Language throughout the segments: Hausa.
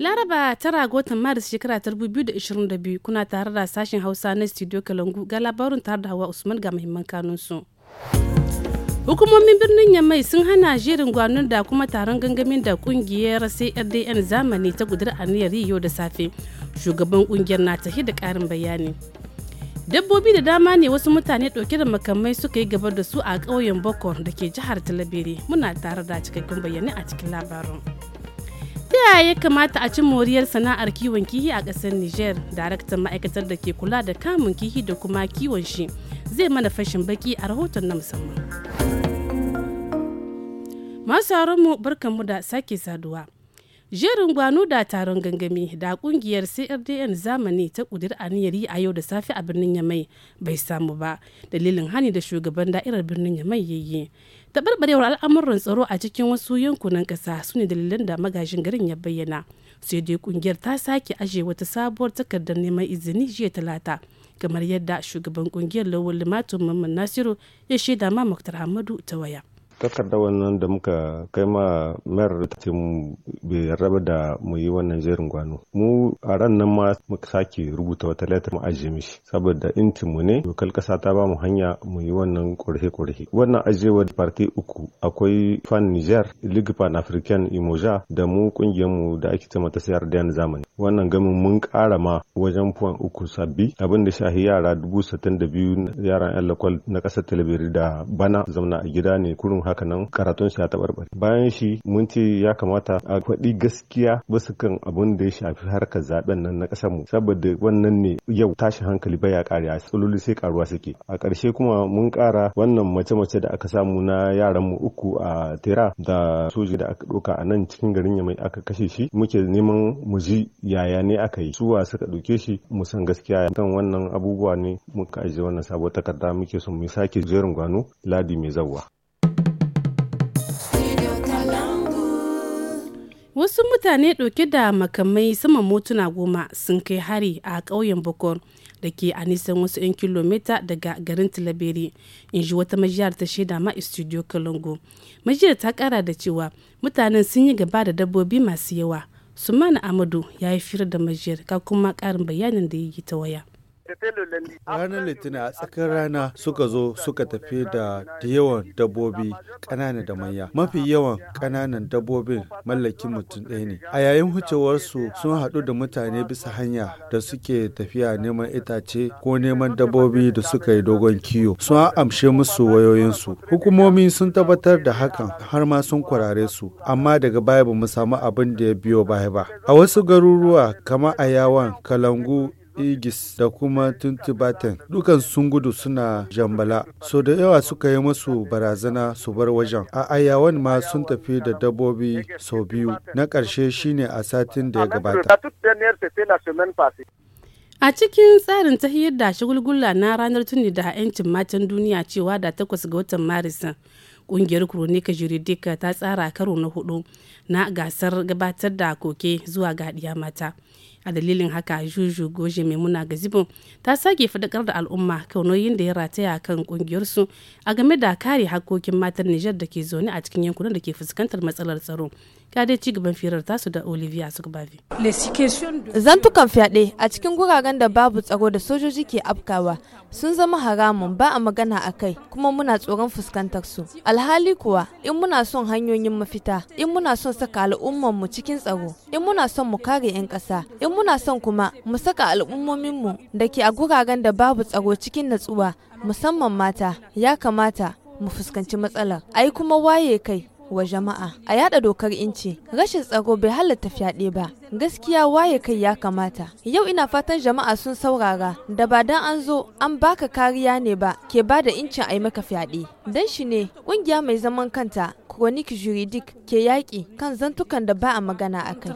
Laraba tara gotan Maris shekara ta 2022 kuna tare da sashen Hausa na Studio Kalangu ga labarin tare da Hawa Usman ga muhimman kanunsu. Hukumomin birnin Yamai sun hana jerin gwanon da kuma taron gangamin da kungiyar CRDN zamani ta gudur aniyar yau da safe. Shugaban kungiyar na tafi da karin bayani. dabbobi da dama ne wasu mutane ɗauke da makamai suka yi gaba da su a ƙauyen bokor da ke jihar talabere muna tare da cikakken bayanai a cikin labarin ta yaya ya kamata a ci moriyar sana'ar kiwon kihi a ƙasar niger daraktan ma'aikatar da ke kula da kamun kihi da kuma kiwon shi zai mana fashin baki a rahoton na musamman masu mu barkanmu da sake saduwa jerin gwano da taron gangami da kungiyar crdn zamani ta kudir aniyar yi a yau da safe a birnin yamai bai samu ba dalilin hani da shugaban da'irar birnin yamai ya yi taɓarɓarewar al'amuran tsaro a cikin wasu yankunan ƙasa su ne dalilan da magajin garin ya bayyana sai dai kungiyar ta sake ajiye wata sabuwar takardar neman izini jiya talata kamar yadda shugaban kungiyar lawal limatun mamman nasiru ya shaida ma muktar hamadu ta waya takarda wannan da muka kai ma mayar ta mu bai raba da mu yi wannan jerin gwano mu a ran nan ma muka sake rubuta wata letter mu ajiye mishi saboda intin mu ne dokar kasa ta ba mu hanya mu yi wannan kurhe kurhe wannan ajewa da parti uku akwai fan Niger Ligue Pan African Imoja da mu kungiyar mu da ake cewa ta sayar da zamani wannan gamin mun kara ma wajen puan uku sabbi abin da shahi yara dubu da biyu yaran yan lokal na kasar talabiri da bana zauna a gida ne kurun haka nan karatun shi ya bayan shi mun ce ya kamata a faɗi gaskiya basu kan abun da ya shafi harkar zaben nan na ƙasar mu saboda wannan ne yau tashi hankali baya ƙariya tsaloli sai ƙaruwa suke a ƙarshe kuma mun ƙara wannan mace-mace da aka samu na yaran mu uku a tera da soji da aka ɗauka a nan cikin garin yamai aka kashe shi muke neman mu ji yaya ne aka yi suwa suka ɗauke shi mu san gaskiya kan wannan abubuwa ne muka ajiye wannan sabuwar takarda muke son mu sake jerin gwano ladi mai zawa wasu mutane ɗauke da makamai sama motuna goma sun kai hari a ƙauyen bokor da ke a nisan wasu 'yan kilomita daga garin tilaberi in ji wata majiyar ta shaida ma studio kalongo majiyar ta kara da cewa mutanen sun yi gaba da dabbobi masu yawa sumana amadu ya yi fira da majiyar ka kuma karin bayanin da ya yi ta waya Ranar Litinin a tsakar rana suka zo suka tafi da yawan dabbobi ƙanana da manya. Mafi yawan ƙananan dabbobin mallakin mutum ɗaya ne. A yayin su sun haɗu da mutane bisa hanya da suke tafiya neman itace ko neman dabbobi da suka yi dogon kiyo. Sun amshe musu wayoyinsu. Hukumomi sun tabbatar da hakan har ma sun kwarare su. Amma daga baya ba mu samu abin da ya biyo baya ba. A wasu garuruwa kamar a yawan kalangu igis da kuma tuntubaten dukan sun gudu suna jambala so da yawa suka yi masu barazana su bar wajen a ayawan ma sun tafi da dabbobi sau biyu na ƙarshe shine a satin da ya gabata A cikin tsarin tahiyar da shagulgula na ranar tuni da 'yancin matan duniya cewa da takwas ga watan Maris kungiyar Kronika Juridika ta tsara karo na hudu na gasar gabatar da koke zuwa gaɗiya mata. a dalilin haka juju goje maimuna gazibo ta sake fadakar da al'umma kaunoyin da ya rataya kan kungiyarsu a game da kare hakokin matan nijar da ke zaune a cikin yankunan da ke fuskantar matsalar tsaro ga dai ci gaban firar tasu da Olivia Zan Zantukan fyaɗe a cikin guraren da babu tsaro da sojoji ke afkawa sun zama haramun ba a magana a kai kuma muna tsoron fuskantar su. Alhali kuwa in muna son hanyoyin mafita, in muna son saka al'ummar mu cikin tsaro, in muna son mu kare 'yan ƙasa, in muna son kuma mu saka al'ummomin mu da ke a guraren da babu tsaro cikin natsuwa musamman mata ya kamata mu fuskanci matsalar. Ai kuma waye kai wa jama'a a yada dokar inci rashin tsaro bai halatta fyaɗe ba gaskiya waye kai ya kamata yau ina fatan jama'a sun saurara da ba dan an zo an baka kariya ne ba ke ba da incin a yi maka fyaɗe dan shi ne ƙungiya mai zaman kanta chronique juridique ke yaƙi kan zantukan da ba a magana a kai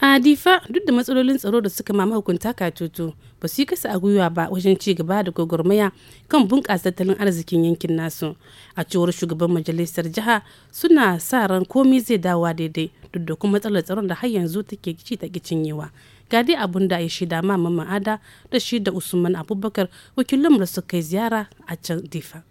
a difa duk da matsalolin tsaro da suka mama hukunta katutu ba su yi kasa a gwiwa ba wajen ci gaba da gwagwarmaya kan bunƙasa tattalin arzikin yankin nasu a cewar shugaban majalisar jiha suna sa ran komi zai dawa daidai duk da kuma matsalar tsaron da har yanzu take ci ta cinyewa ga dai abun da ya shida ma ada da shi da usman abubakar wakilin da suka yi ziyara a can difa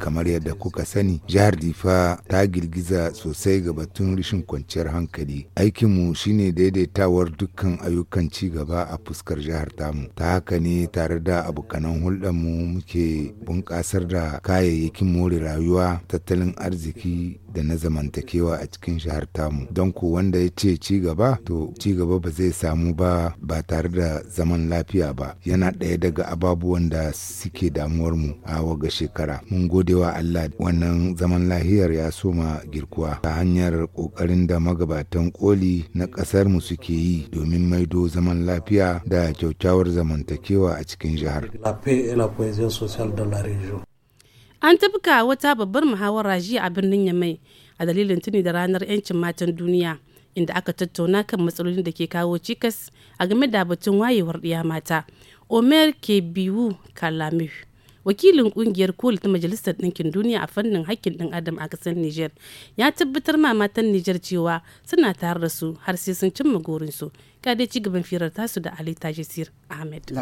Kamar yadda kuka sani, jihar Difa ta girgiza sosai ga batun rashin kwanciyar hankali. Aikinmu shine daidaitawar dukkan ayyukan ci gaba a fuskar jihar tamu. Ta haka ne tare da abokanan hulɗarmu muke bunƙasar da kayayyakin more rayuwa, tattalin arziki da na zamantakewa a cikin shahar tamu don ku wanda ya ce ci gaba to ci gaba ba zai samu ba ba tare da zaman lafiya ba yana ɗaya daga ababuwan da suke damuwar mu a waga shekara mun gode wa Allah wannan zaman lahiyar ya soma girkuwa ta hanyar kokarin da magabatan koli na ƙasar mu suke yi domin maido zaman lafiya da kyaukyawar zamantakewa a cikin jihar. La paix et la cohésion sociale dans An tafka wata babbar muhawara jiya a birnin Yamai a dalilin tuni da ranar 'yancin matan duniya inda aka tattauna kan matsalolin da ke kawo cikas a game da batun wayewar ɗiya mata. Omer Kebiwu Kalamihu wakilin kungiyar koli ta majalisar ɗinkin duniya a fannin hakkin ɗan adam a ƙasar niger ya tabbatar ma matan niger cewa suna tare da su har sai sun cimma gorinsu ga dai ci gaban firar tasu da Ali Tajisir Ahmed.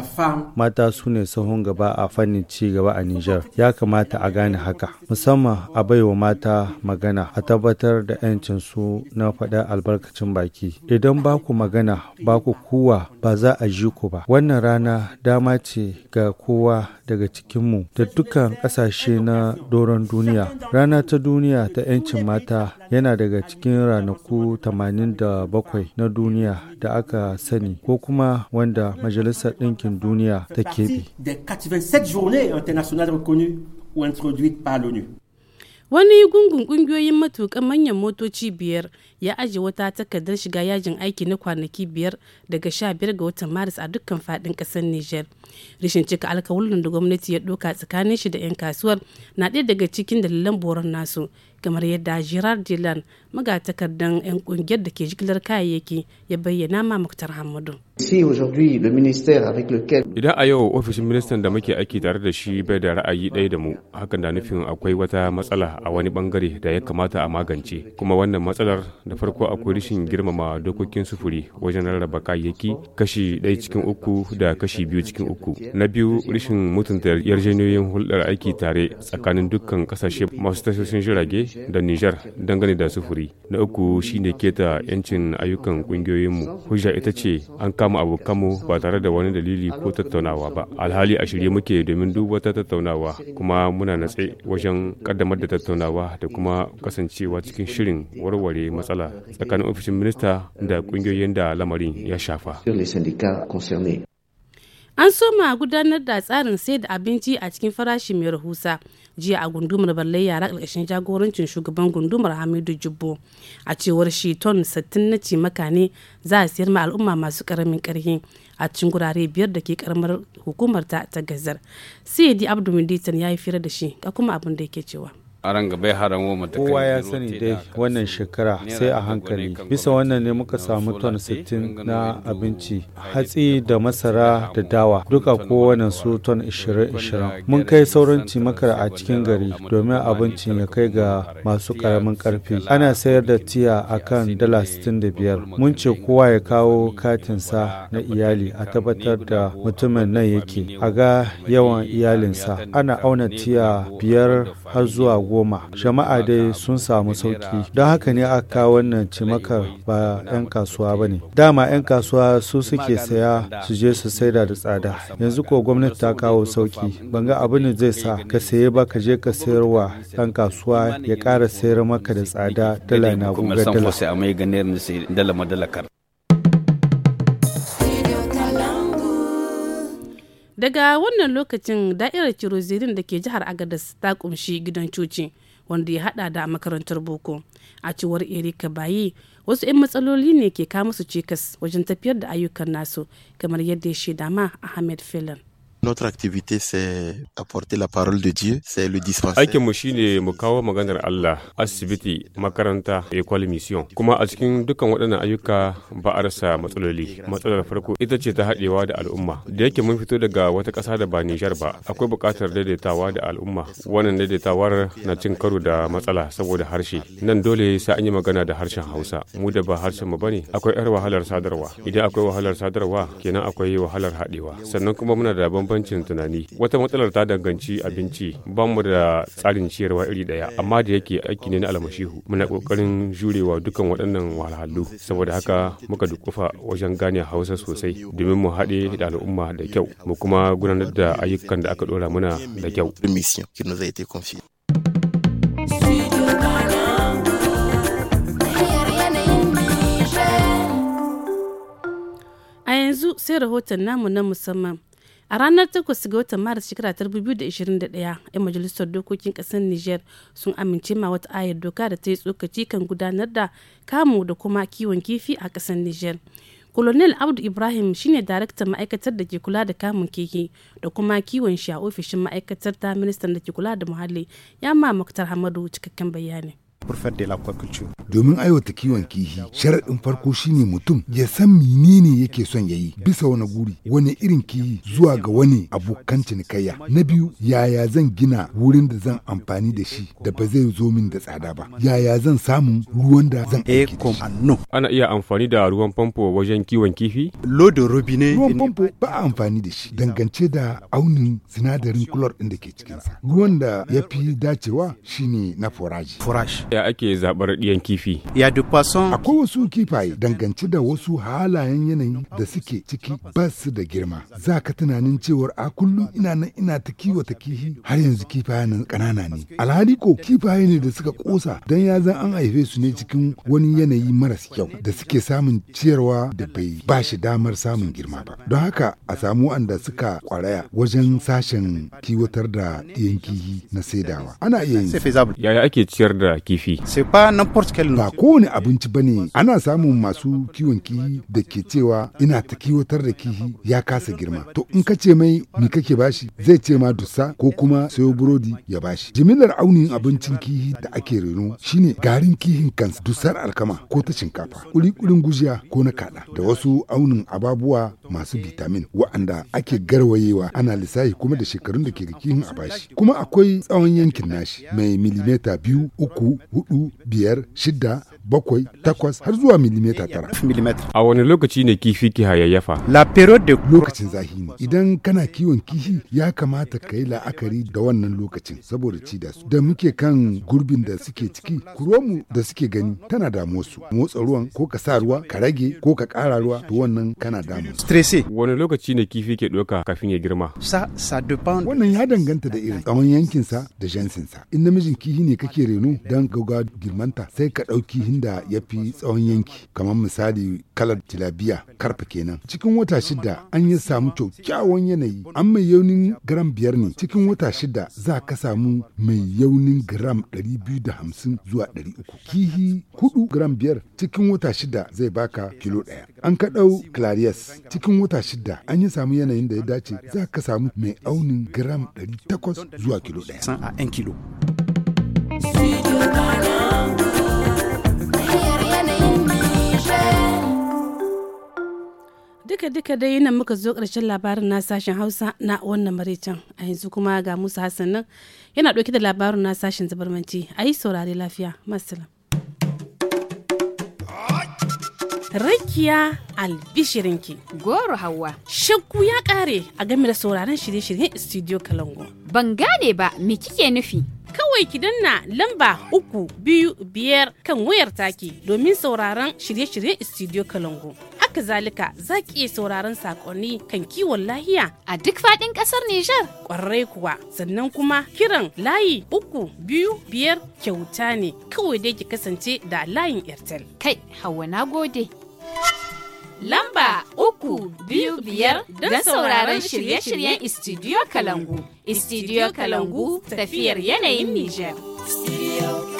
Mata su ne sahun gaba a fannin ci gaba a Nijar. Ya kamata a gane haka. Musamman a baiwa mata magana a tabbatar da 'yancin su na faɗa albarkacin baki. Idan ba ku magana ba ku kuwa ba za a ji ku ba. Wannan rana dama ce ga kowa daga cikinmu da dukkan ƙasashe na doron duniya. Rana ta duniya ta 'yancin mata yana daga cikin ranaku 87 na duniya da aka sani ko kuma wanda Majalisar Ɗinkin Duniya ta keɓe. Wani gungun ƙungiyoyin matukan manyan motoci biyar ya aji wata takardar shiga yajin aiki na kwanaki biyar daga sha biyar ga watan Maris a dukkan fadin kasar Nijar. Rishin cika alkawalin da gwamnati ya doka tsakanin shi da 'yan kasuwar na ɗaya daga cikin dalilan boron nasu kamar yadda Gerard Dillon magatakardan 'yan kungiyar da ke jigilar kayayyaki ya bayyana ma Muktar Hamadu. Idan a yau ofishin ministan da muke aiki tare da shi bai da ra'ayi ɗaya da mu, hakan da nufin akwai wata matsala a wani bangare da ya kamata a magance. Kuma wannan matsalar da farko akwai rashin girmama dokokin sufuri wajen rarraba kayayyaki kashi ɗaya cikin uku da kashi biyu cikin uku. Na biyu rashin mutunta yarjejeniyoyin hulɗar aiki tare tsakanin dukkan kasashe masu tashoshin jirage da Nijar dangane da sufuri. Na uku shi ne keta 'yancin ayyukan ƙungiyoyinmu. Hujja ita ce an kama abokanmu ba tare da wani dalili ko tattaunawa ba. Alhali a shirye muke domin duk wata tattaunawa kuma muna natse wajen kaddamar da tattaunawa da kuma kasancewa cikin shirin warware matsala tsakanin ofishin minista da ƙungiyoyin da lamarin ya shafa. an soma gudanar da tsarin sayar da abinci a cikin farashi mai rahusa jiya a gundumar balle yara ƙarƙashin jagorancin shugaban gundumar hamidu jibbo a cewar shi ton 60 na cimaka ne za a siyar ma al'umma masu ƙaramin ƙarfi a cikin gurare biyar da ke ƙaramar hukumar ta ta gazar sai di abdu ya yi fira da shi ga kuma abin da yake cewa kowa ya sani dai wannan shekara sai a hankali bisa wannan ne muka samu ton 60 na abinci hatsi da masara da dawa duka kowane su ton 20-20 mun kai sauran cimakar a cikin gari domin abinci ya kai ga masu karamin karfi ana sayar da tiya a kan dala 65 mun ce kowa ya kawo katinsa na iyali a tabbatar da mutumin nan yake a ga yawan iyalinsa ana auna tiya biyar har zuwa goma jama'a dai sun samu sauki don haka ne aka wannan cimakar ba 'yan kasuwa ba ne dama 'yan kasuwa su suke saya su je su saida da tsada yanzu ko gwamnati ta kawo sauki ban ga abin da zai sa ka saye ba ka je ka sayarwa 'yan kasuwa ya kara sayar maka da tsada dala na guga dala daga wannan lokacin da'irar kirozirin da ke jihar agadas ta kumshi gidan coci wanda ya hada da makarantar boko a cewar erika bayi wasu 'yan matsaloli ne ke kawo musu cikas wajen tafiyar da ayyukan nasu kamar yadda ya shaida ma ahmed filan Notre activité c'est apporter la parole de Dieu, c'est le dispenser. dispensaire. Aikinmu shine mu kawo maganar Allah, asibiti, makaranta, école mission. Kuma a cikin dukkan waɗannan ayyuka ba a rasa matsaloli. Matsalar farko ita ce ta haɗewa da al'umma. Da yake mun fito daga wata ƙasa da ba Nijar ba, akwai buƙatar daidaitawa da al'umma. Wannan daidaitawar na cin karo da matsala saboda harshe. Nan dole sai an yi magana da harshen Hausa. Mu da ba harshen mu bane, akwai 'yar wahalar sadarwa. Idan akwai wahalar sadarwa, kenan akwai wahalar haɗewa. Sannan kuma muna da bambanci bambancin tunani wata matsalar ta danganci abinci ba mu da tsarin ciyarwa iri daya amma da yake aiki ne na almashihu muna kokarin jurewa dukan waɗannan wahalhalu saboda haka muka dukufa wajen gane hausa sosai domin mu haɗe da al'umma da kyau mu kuma gudanar da ayyukan da aka ɗora muna da kyau A yanzu sai rahoton namu na musamman. a ranar takwas ga watan maris shekara ta 2021 'yan majalisar dokokin ƙasar niger sun amince ma wata ayar doka da ta yi tsokaci kan gudanar da kamu da kuma kiwon kifi a ƙasar niger colonel abdu ibrahim shine daraktan ma'aikatar da ke kula da kamun keke da kuma kiwon shi a ofishin ma'aikatar ta ministan da ke kula da muhalli ya ma muktar hamadu cikakken bayani furfar la aquaculture. Domin aiwata kiwon kihi, sharaɗin farko shine mutum ya san menene yake son yayi bisa wani guri, wani irin kihi zuwa ga wani abokan cinikayya. Na biyu, yaya zan gina wurin da zan amfani da shi da ba zai zo min da tsada ba. Yaya zan samun ruwan da zan aiki Ana iya amfani da ruwan famfo wajen kiwon kifi? Lodin robine. Ruwan famfo ba a amfani da shi dangance da aunin sinadarin kulor ɗin da ke cikinsa. Ruwan da ya fi dacewa shine na foraji. Forage. Ya ake zaɓar ɗiyan kifi? Ya dufason. Akwai wasu kifaye dangance da wasu halayen yanayi da suke ciki ba su da girma. Za ka tunanin cewar a kullum ina nan ina ta kiwata kifi. har yanzu kifaye nan kanana ne. Alhali ko kifaye ne da suka ƙosa don ya zan an haife su ne cikin wani yanayi maras kyau da suke samun ciyarwa da bai ba shi damar samun girma ba. Don haka a samu wanda suka kwaraya wajen sashen kiwatar da ɗiyan kifi na saidawa. Ana iya yin. Yaya ake ciyar da kifi. kifi. Ba kowane abinci ba ne ana samun masu kiwon kihi da ke cewa ina ta kiwatar da kihi ya kasa girma. To in ka ce mai me kake bashi zai ce ma dusa ko kuma sayo burodi ya bashi. Jimillar aunin abincin kihi da ake reno shine garin kihin kansa dusar alkama ko ta shinkafa, kulikulin gujiya ko na kada da wasu aunin ababuwa masu bitamin wa'anda ake garwayewa ana lissafi kuma da shekarun da ke da kihin a bashi. Kuma akwai tsawon yankin nashi mai milimeta biyu uku hudu biyar shida bakwai takwas har zuwa milimeta tara. A wani lokaci ne kifi ki hayayyafa? La de lokacin zahi ne. Idan kana kiwon kifi ya kamata ka yi la'akari da wannan lokacin saboda ci da su. Da muke kan gurbin da suke ciki, kuromu da suke gani tana damu su. Motsa ruwan ko ka sa ruwa, ka rage ko ka kara ruwa to wannan kana damu. Stresse. Wani lokaci ne kifi ke ɗauka kafin ya girma? Sa, sa depend. Wannan ya danganta da irin tsawon yankinsa da jansinsa. In namijin kihi ne kake reno don gauga girmanta sai ka ɗauki inda ya fi tsawon yanki kamar misali kalar tilabiya karfe kenan cikin wata shida an yi samu kyakkyawan yanayi an mai yaunin gram biyar ne cikin wata shida za ka samu mai yaunin gram 250 zuwa 300 kihi 4 gram biyar cikin wata shida zai baka kilo daya an kaɗau clarias cikin wata shida an yi samu yanayin da ya dace za ka samu mai aunin gram 800 zuwa kilo daya duka dai nan muka zo ƙarshen labarin na sashen hausa na wannan maraicen a yanzu kuma ga musa hassan nan yana ɗauke da labarin na sashen zabarmanci a yi saurare lafiya masala rakiya albishirinki goro hawa shakku ya ƙare a game da sauraron shirye-shiryen studio kalango ban gane ba me kike nufi kawai ki danna lamba uku biyu biyar kan wayar take domin sauraron shirye-shiryen studio kalango Haka zalika za ki iya sauraron saƙonni kan kiwon lahiya a duk faɗin ƙasar Nijar. Ƙwarai kuwa sannan kuma kiran layi uku biyu biyar kyauta ne kawai dai ki kasance da layin Airtel. Kai hawa na gode. Lamba uku biyu biyar don sauraron shirye-shiryen Istidiyo Kalangu. Istidiyo Kalangu tafiyar yanayin Nijar.